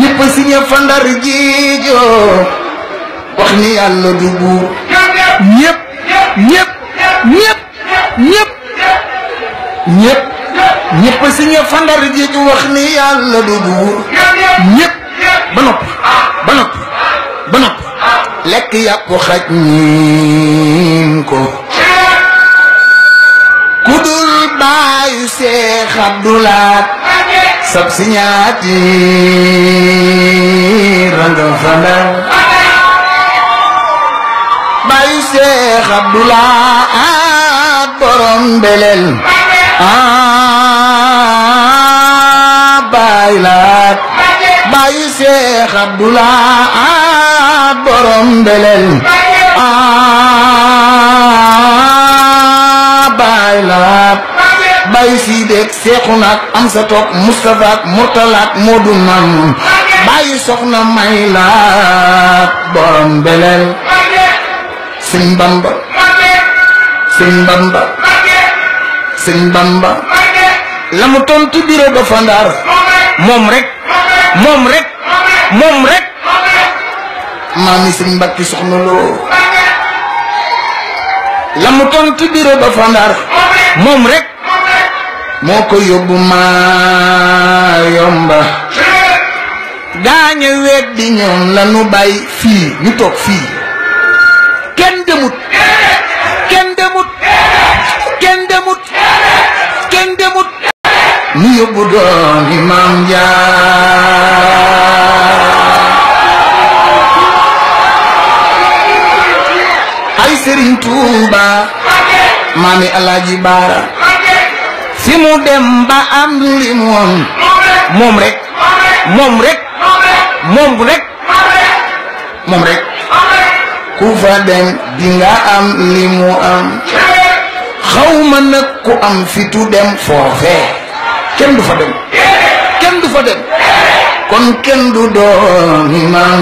si signé fandar jiijo wax ni yàlla du buur ñëpp ñëpp ñëpp ñëpp ñëpp ñëpp signé fandar jiijo wax ni yàlla du buur ñëpp lekk yàpp xaj ñiin ko ku baayu Seex Abdulaat sab si ñaati ranga fana Seex Abdulaa borom belel aa ah, bay laat Seex Abdulaa borom belel aa ah, siidéeg seexunaak am sa toog mustafaak murtalaak moodu nan bàyyi soxna may borom beleel sëñ bamba sëñ bamba sëñ bamba la mu tontu biro ba fandaar moom rek moom rek moom rek maami sëñ mbakki soxna moom rek moo ko yóbbu maa yomba gaañe weet ñoom la nu bàyyi fii ñu toog fii kenn demut kenn demut kenn demut kenn yóbbu doon imaam Jaar ay Serigne Touba maami Alaaji Baara fi mu dem ba am li mu am moom rekk moom rek moom bu rek moom rekk ku fa dem di nga am li mu am xaw kenn du fa dem kenn dem kon kenn du doon Maam